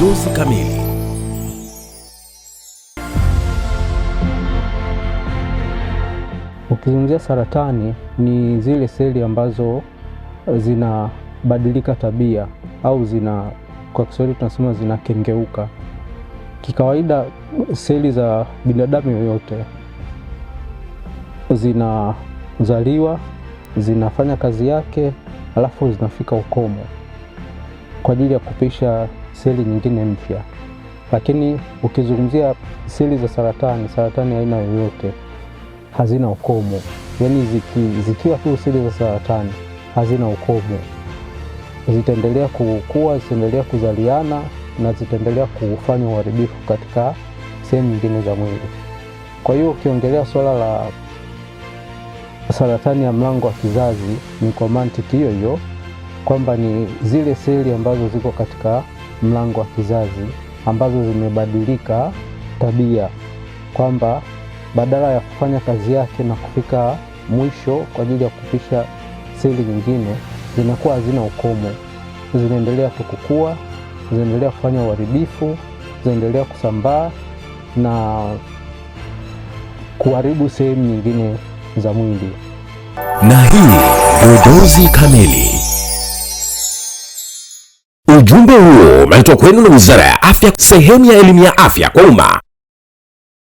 Dozi Kamili. Ukizungumzia saratani, ni zile seli ambazo zinabadilika tabia au zina, kwa Kiswahili tunasema zinakengeuka. Kikawaida, seli za binadamu yoyote zinazaliwa, zinafanya kazi yake, alafu zinafika ukomo kwa ajili ya kupisha seli nyingine mpya. Lakini ukizungumzia seli za saratani, saratani aina yoyote hazina ukomo, yaani ziki, zikiwa tu seli za saratani hazina ukomo, zitaendelea kukua, zitaendelea kuzaliana na zitaendelea kufanya uharibifu katika sehemu nyingine za mwili. Kwa hiyo ukiongelea swala la saratani ya mlango wa kizazi, ni kwa mantiki hiyo hiyo kwamba ni zile seli ambazo ziko katika mlango wa kizazi ambazo zimebadilika tabia, kwamba badala ya kufanya kazi yake na kufika mwisho kwa ajili ya kupisha seli nyingine, zinakuwa hazina ukomo, zinaendelea tu kukua, zinaendelea kufanya uharibifu, zinaendelea kusambaa na kuharibu sehemu nyingine za mwili. Na hii Dozi Kamili. Ujumbe huo umeletwa kwenu na Wizara ya Afya, sehemu ya elimu ya afya kwa umma